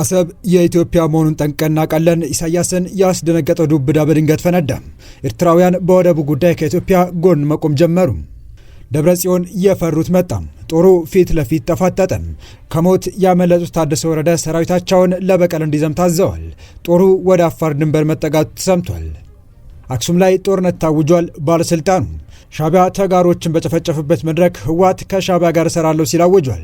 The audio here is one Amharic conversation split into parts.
አሰብ የኢትዮጵያ መሆኑን ጠንቅቀን እናውቃለን። ኢሳያስን ያስደነገጠው ዱብዳ በድንገት ፈነዳ። ኤርትራውያን በወደቡ ጉዳይ ከኢትዮጵያ ጎን መቆም ጀመሩ። ደብረ ጽዮን የፈሩት መጣም። ጦሩ ፊት ለፊት ተፋጠጠም። ከሞት ያመለጡት ታደሰ ወረደ ሰራዊታቸውን ለበቀል እንዲዘም ታዘዋል። ጦሩ ወደ አፋር ድንበር መጠጋቱ ተሰምቷል። አክሱም ላይ ጦርነት ታውጇል። ባለሥልጣኑ ሻቢያ ተጋሮችን በጨፈጨፍበት መድረክ ህወሓት ከሻቢያ ጋር እሰራለሁ ሲል አውጇል።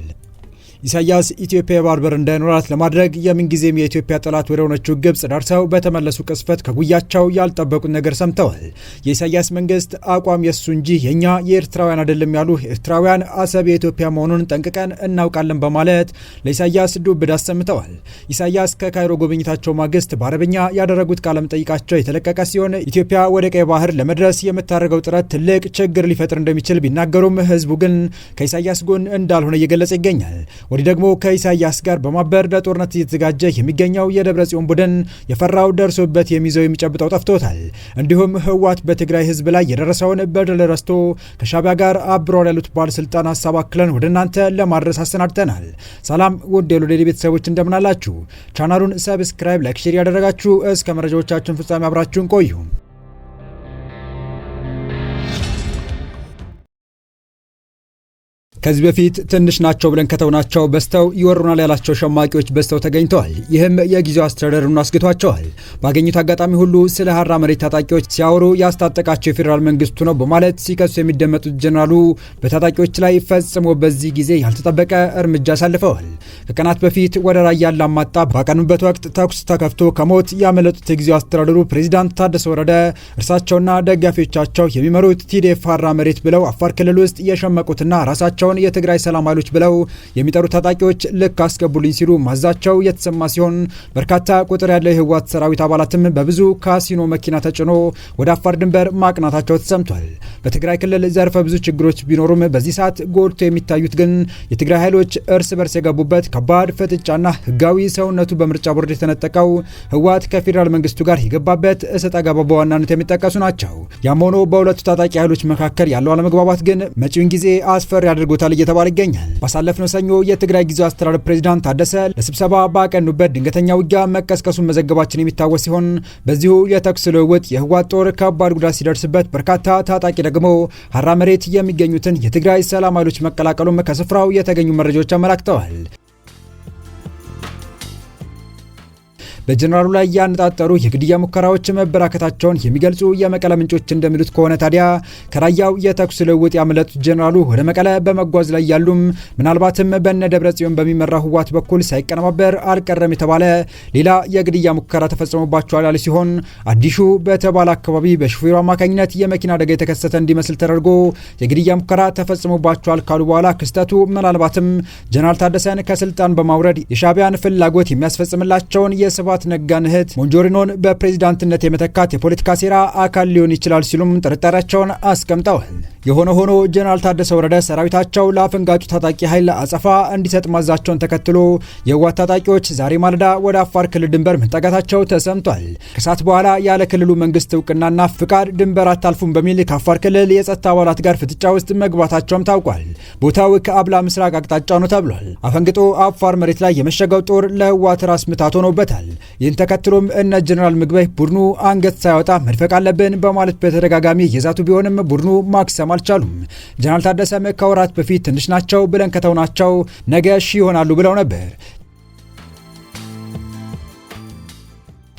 ኢሳያስ ኢትዮጵያ የባህር በር እንዳይኖራት ለማድረግ የምንጊዜም የኢትዮጵያ ጠላት ወደ ሆነችው ግብጽ ደርሰው በተመለሱ ቅስፈት ከጉያቸው ያልጠበቁት ነገር ሰምተዋል። የኢሳያስ መንግስት አቋም የሱ እንጂ የእኛ የኤርትራውያን አይደለም ያሉ ኤርትራውያን አሰብ የኢትዮጵያ መሆኑን ጠንቅቀን እናውቃለን በማለት ለኢሳያስ ዱብ አሰምተዋል። ኢሳያስ ከካይሮ ጉብኝታቸው ማግስት በአረብኛ ያደረጉት ቃለ መጠይቃቸው የተለቀቀ ሲሆን ኢትዮጵያ ወደ ቀይ ባህር ለመድረስ የምታደርገው ጥረት ትልቅ ችግር ሊፈጥር እንደሚችል ቢናገሩም ህዝቡ ግን ከኢሳያስ ጎን እንዳልሆነ እየገለጸ ይገኛል። ወዲህ ደግሞ ከኢሳያስ ጋር በማበር ለጦርነት እየተዘጋጀ የሚገኘው የደብረ ጽዮን ቡድን የፈራው ደርሶበት የሚይዘው የሚጨብጠው ጠፍቶታል። እንዲሁም ህወሓት በትግራይ ህዝብ ላይ የደረሰውን በደል ረስቶ ከሻቢያ ጋር አብረዋል ያሉት ባለስልጣን ሀሳብ አክለን ወደ እናንተ ለማድረስ አሰናድተናል። ሰላም ውድ የሎዴድ ቤተሰቦች እንደምናላችሁ። ቻናሉን ሰብስክራይብ፣ ላይክ፣ ሼር ያደረጋችሁ እስከ መረጃዎቻችን ፍጻሜ አብራችሁን ቆዩ። ከዚህ በፊት ትንሽ ናቸው ብለን ከተውናቸው በስተው ይወሩናል ያላቸው ሸማቂዎች በስተው ተገኝተዋል። ይህም የጊዜው አስተዳደሩን አስግቷቸዋል። ባገኙት አጋጣሚ ሁሉ ስለ ሀራ መሬት ታጣቂዎች ሲያወሩ ያስታጠቃቸው የፌዴራል መንግስቱ ነው በማለት ሲከሱ የሚደመጡት ጀነራሉ በታጣቂዎች ላይ ፈጽሞ በዚህ ጊዜ ያልተጠበቀ እርምጃ አሳልፈዋል። ከቀናት በፊት ወደ ራያ አላማጣ ባቀኑበት ወቅት ተኩስ ተከፍቶ ከሞት ያመለጡት የጊዜው አስተዳደሩ ፕሬዚዳንት ታደሰ ወረደ እርሳቸውና ደጋፊዎቻቸው የሚመሩት ቲዴፍ ሀራ መሬት ብለው አፋር ክልል ውስጥ የሸመቁትና ራሳቸው ራሳቸውን የትግራይ ሰላም ኃይሎች ብለው የሚጠሩ ታጣቂዎች ልክ አስገቡልኝ ሲሉ ማዛቸው የተሰማ ሲሆን በርካታ ቁጥር ያለው የህወሓት ሰራዊት አባላትም በብዙ ካሲኖ መኪና ተጭኖ ወደ አፋር ድንበር ማቅናታቸው ተሰምቷል። በትግራይ ክልል ዘርፈ ብዙ ችግሮች ቢኖሩም በዚህ ሰዓት ጎልቶ የሚታዩት ግን የትግራይ ኃይሎች እርስ በርስ የገቡበት ከባድ ፍጥጫና ህጋዊ ሰውነቱ በምርጫ ቦርድ የተነጠቀው ህወሓት ከፌዴራል መንግስቱ ጋር የገባበት እሰጥ አገባ በዋናነት የሚጠቀሱ ናቸው። ያም ሆኖ በሁለቱ ታጣቂ ኃይሎች መካከል ያለው አለመግባባት ግን መጪውን ጊዜ አስፈሪ አድርጎ አድርጎታል እየተባለ ይገኛል። ባሳለፍነው ሰኞ የትግራይ ጊዜ አስተዳደር ፕሬዚዳንት ታደሰ ለስብሰባ ባቀኑበት ድንገተኛ ውጊያ መቀስቀሱን መዘገባችን የሚታወስ ሲሆን በዚሁ የተኩስ ልውውጥ የህወሓት ጦር ከባድ ጉዳት ሲደርስበት በርካታ ታጣቂ ደግሞ ሀራ መሬት የሚገኙትን የትግራይ ሰላም ኃይሎች መቀላቀሉም ከስፍራው የተገኙ መረጃዎች አመላክተዋል። በጀነራሉ ላይ ያነጣጠሩ የግድያ ሙከራዎች መበራከታቸውን የሚገልጹ የመቀለ ምንጮች እንደሚሉት ከሆነ ታዲያ ከራያው የተኩስ ልውውጥ ያመለጡት ጀኔራሉ ወደ መቀለ በመጓዝ ላይ ያሉም ምናልባትም በነ ደብረ ጽዮን በሚመራው ህዋት በኩል ሳይቀነባበር አልቀረም የተባለ ሌላ የግድያ ሙከራ ተፈጽሞባቸዋል ያለ ሲሆን አዲሹ በተባለ አካባቢ በሹፌሩ አማካኝነት የመኪና አደጋ የተከሰተ እንዲመስል ተደርጎ የግድያ ሙከራ ተፈጽሞባቸዋል ካሉ በኋላ ክስተቱ ምናልባትም ጀነራል ታደሰን ከስልጣን በማውረድ የሻቢያን ፍላጎት የሚያስፈጽምላቸውን የስፋት የስብሐት ነጋን እህት ሞንጆሪኖን በፕሬዚዳንትነት የመተካት የፖለቲካ ሴራ አካል ሊሆን ይችላል ሲሉም ጥርጣሬያቸውን አስቀምጠዋል። የሆነ ሆኖ ጀነራል ታደሰ ወረደ ሰራዊታቸው ለአፈንጋጩ ታጣቂ ኃይል አጸፋ እንዲሰጥ ማዛቸውን ተከትሎ የህወሓት ታጣቂዎች ዛሬ ማለዳ ወደ አፋር ክልል ድንበር መጠጋታቸው ተሰምቷል። ከሰዓት በኋላ ያለ ክልሉ መንግስት እውቅናና ፍቃድ ድንበር አታልፉም በሚል ከአፋር ክልል የጸጥታ አባላት ጋር ፍጥጫ ውስጥ መግባታቸውም ታውቋል። ቦታው ከአብላ ምስራቅ አቅጣጫ ነው ተብሏል። አፈንግጦ አፋር መሬት ላይ የመሸገው ጦር ለህወሓት ራስ ምታት ሆኖበታል። ይህን ተከትሎም እነ ጀነራል ምግበይ ቡድኑ አንገት ሳያወጣ መድፈቅ አለብን በማለት በተደጋጋሚ የዛቱ ቢሆንም ቡድኑ ማክሰማ መፈጸም አልቻሉም። ጀነራል ታደሰም ከወራት በፊት ትንሽ ናቸው ብለን ከተውናቸው ነገ ሺ ይሆናሉ ብለው ነበር።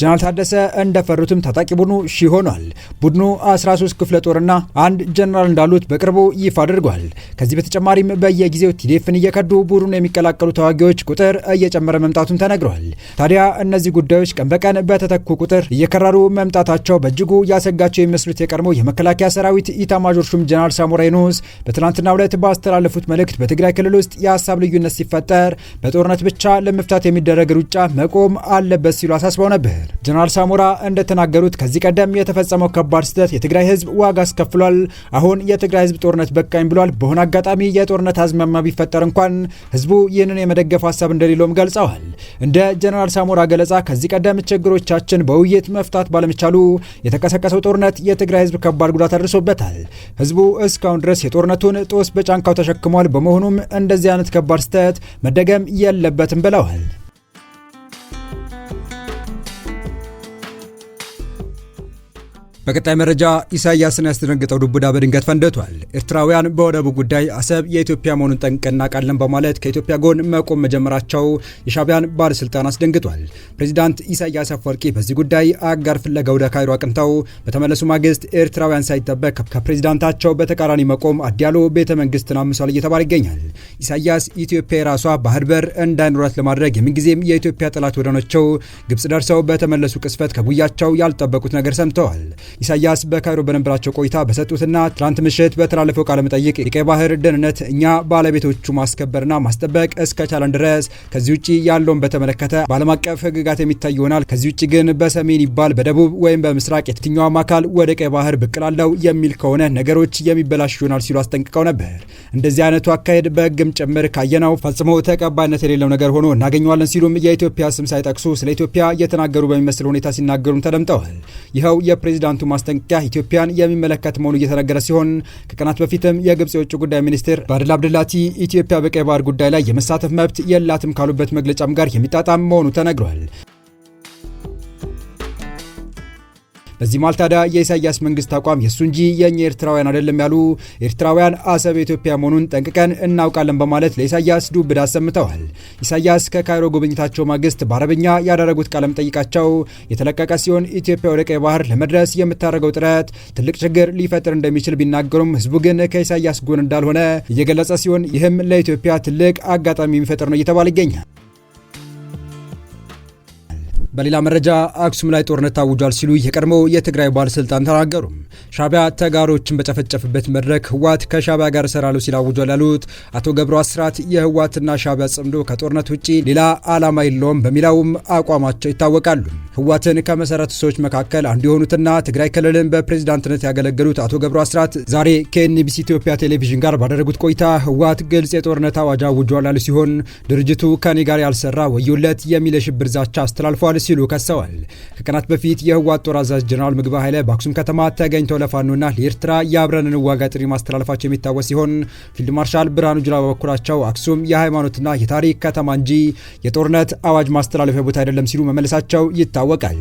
ጀነራል ታደሰ እንደፈሩትም ታጣቂ ቡድኑ ሺ ሆኗል። ቡድኑ 13 ክፍለ ጦርና አንድ ጀነራል እንዳሉት በቅርቡ ይፋ አድርጓል። ከዚህ በተጨማሪም በየጊዜው ቲዴፍን እየከዱ ቡድኑ የሚቀላቀሉ ተዋጊዎች ቁጥር እየጨመረ መምጣቱን ተነግሯል። ታዲያ እነዚህ ጉዳዮች ቀን በቀን በተተኩ ቁጥር እየከረሩ መምጣታቸው በእጅጉ ያሰጋቸው የሚመስሉት የቀድሞ የመከላከያ ሰራዊት ኢታማዦር ሹም ጀነራል ሳሞራ የኑስ በትናንትናው ዕለት ባስተላለፉት መልእክት በትግራይ ክልል ውስጥ የሀሳብ ልዩነት ሲፈጠር በጦርነት ብቻ ለመፍታት የሚደረግ ሩጫ መቆም አለበት ሲሉ አሳስበው ነበር። ጀነራል ሳሞራ እንደተናገሩት ከዚህ ቀደም የተፈጸመው ከባድ ስህተት የትግራይ ህዝብ ዋጋ አስከፍሏል። አሁን የትግራይ ህዝብ ጦርነት በቃኝ ብሏል። በሆነ አጋጣሚ የጦርነት አዝማሚያ ቢፈጠር እንኳን ህዝቡ ይህንን የመደገፍ ሀሳብ እንደሌለውም ገልጸዋል። እንደ ጀነራል ሳሞራ ገለጻ ከዚህ ቀደም ችግሮቻችን በውይይት መፍታት ባለመቻሉ የተቀሰቀሰው ጦርነት የትግራይ ህዝብ ከባድ ጉዳት አድርሶበታል። ህዝቡ እስካሁን ድረስ የጦርነቱን ጦስ በጫንካው ተሸክሟል። በመሆኑም እንደዚህ አይነት ከባድ ስህተት መደገም የለበትም ብለዋል። በቀጣይ መረጃ ኢሳያስን ያስደነግጠው ዱብዳ በድንገት ፈንድቷል። ኤርትራውያን በወደቡ ጉዳይ አሰብ የኢትዮጵያ መሆኑን ጠንቅቀን እናውቃለን በማለት ከኢትዮጵያ ጎን መቆም መጀመራቸው የሻቢያን ባለስልጣን አስደንግጧል። ፕሬዚዳንት ኢሳያስ አፈወርቂ በዚህ ጉዳይ አጋር ፍለጋ ወደ ካይሮ አቅንተው በተመለሱ ማግስት ኤርትራውያን ሳይጠበቅ ከፕሬዚዳንታቸው በተቃራኒ መቆም አዲያሎ ቤተ መንግስትን አምሷል እየተባለ ይገኛል። ኢሳያስ ኢትዮጵያ የራሷ ባህር በር እንዳይኖራት ለማድረግ የምንጊዜም የኢትዮጵያ ጠላት ወደኖቸው ግብጽ ደርሰው በተመለሱ ቅስፈት ከጉያቸው ያልጠበቁት ነገር ሰምተዋል። ኢሳያስ በካይሮ በነበራቸው ቆይታ በሰጡትና ትናንት ምሽት በተላለፈው ቃለ መጠይቅ የቀይ ባህር ደህንነት እኛ ባለቤቶቹ ማስከበርና ማስጠበቅ እስከቻለን ድረስ ከዚህ ውጭ ያለውን በተመለከተ በዓለም አቀፍ ህግጋት የሚታይ ይሆናል። ከዚህ ውጭ ግን በሰሜን ይባል በደቡብ ወይም በምስራቅ የትኛውም አካል ወደ ቀይ ባህር ብቅ የሚል ከሆነ ነገሮች የሚበላሽ ይሆናል ሲሉ አስጠንቅቀው ነበር። እንደዚህ አይነቱ አካሄድ በህግም ጭምር ካየነው ፈጽሞ ተቀባይነት የሌለው ነገር ሆኖ እናገኘዋለን ሲሉም የኢትዮጵያ ስም ሳይጠቅሱ ስለ ኢትዮጵያ የተናገሩ በሚመስል ሁኔታ ሲናገሩም ተደምጠዋል። ይኸው የፕሬዚዳንቱ የፕሬዚዳንቱ ማስጠንቀቂያ ኢትዮጵያን የሚመለከት መሆኑ እየተነገረ ሲሆን ከቀናት በፊትም የግብጽ የውጭ ጉዳይ ሚኒስትር ባድል አብድላቲ ኢትዮጵያ በቀይ ባህር ጉዳይ ላይ የመሳተፍ መብት የላትም ካሉበት መግለጫም ጋር የሚጣጣም መሆኑ ተነግሯል። በዚህ መሃል ታዲያ የኢሳያስ መንግስት አቋም የእሱ እንጂ የእኛ ኤርትራውያን አይደለም ያሉ ኤርትራውያን አሰብ የኢትዮጵያ መሆኑን ጠንቅቀን እናውቃለን በማለት ለኢሳያስ ዱብዳ አሰምተዋል። ኢሳያስ ከካይሮ ጉብኝታቸው ማግስት በአረብኛ ያደረጉት ቃለ መጠይቃቸው የተለቀቀ ሲሆን ኢትዮጵያ ወደ ቀይ ባህር ለመድረስ የምታደርገው ጥረት ትልቅ ችግር ሊፈጥር እንደሚችል ቢናገሩም ህዝቡ ግን ከኢሳያስ ጎን እንዳልሆነ እየገለጸ ሲሆን ይህም ለኢትዮጵያ ትልቅ አጋጣሚ የሚፈጥር ነው እየተባለ ይገኛል። በሌላ መረጃ አክሱም ላይ ጦርነት ታውጇል ሲሉ የቀድሞ የትግራይ ባለስልጣን ተናገሩ። ሻቢያ ተጋሮችን በጨፈጨፍበት መድረክ ህወሓት ከሻቢያ ጋር እሰራለሁ ሲል አውጇል ያሉት አቶ ገብሩ አስራት የህወሓትና ሻቢያ ጽምዶ ከጦርነት ውጪ ሌላ አላማ የለውም በሚለውም አቋማቸው ይታወቃሉ። ህዋትን ከመሰረቱ ሰዎች መካከል አንዱ የሆኑትና ትግራይ ክልልን በፕሬዚዳንትነት ያገለገሉት አቶ ገብሩ አስራት ዛሬ ከኤንቢሲ ኢትዮጵያ ቴሌቪዥን ጋር ባደረጉት ቆይታ ህዋት ግልጽ የጦርነት አዋጅ አውጇል ያሉ ሲሆን ድርጅቱ ከኔ ጋር ያልሰራ ወዮለት የሚል የሽብር ዛቻ አስተላልፏል ሲሉ ከሰዋል። ከቀናት በፊት የህዋት ጦር አዛዥ ጀነራል ምግበ ኃይለ በአክሱም ከተማ ተገኝተው ለፋኖና ለኤርትራ የአብረንን ዋጋ ጥሪ ማስተላለፋቸው የሚታወስ ሲሆን ፊልድ ማርሻል ብርሃኑ ጁላ በበኩላቸው አክሱም የሃይማኖትና የታሪክ ከተማ እንጂ የጦርነት አዋጅ ማስተላለፊያ ቦታ አይደለም ሲሉ መመለሳቸው ይታል። ይታወቃል።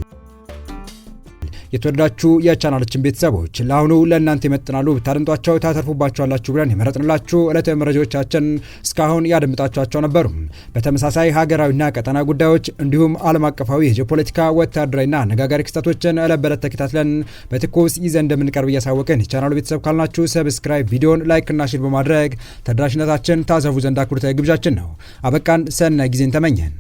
የተወደዳችሁ የቻናላችን ቤተሰቦች ለአሁኑ ለእናንተ ይመጥናሉ ብታደምጧቸው ታተርፉባቸዋላችሁ ብለን የመረጥንላችሁ ዕለታዊ መረጃዎቻችን እስካሁን ያደምጣችኋቸው ነበሩ። በተመሳሳይ ሀገራዊና ቀጠና ጉዳዮች እንዲሁም ዓለም አቀፋዊ የጂኦፖለቲካ ወታደራዊና አነጋጋሪ ክስተቶችን ዕለት በዕለት ተከታትለን በትኩስ ይዘን እንደምንቀርብ እያሳወቅን የቻናሉ ቤተሰብ ካልናችሁ ሰብስክራይብ፣ ቪዲዮን ላይክና ሼር በማድረግ ተደራሽነታችን ታሰፉ ዘንድ አክብሮታዊ ግብዣችን ነው። አበቃን። ሰናይ ጊዜን ተመኘን።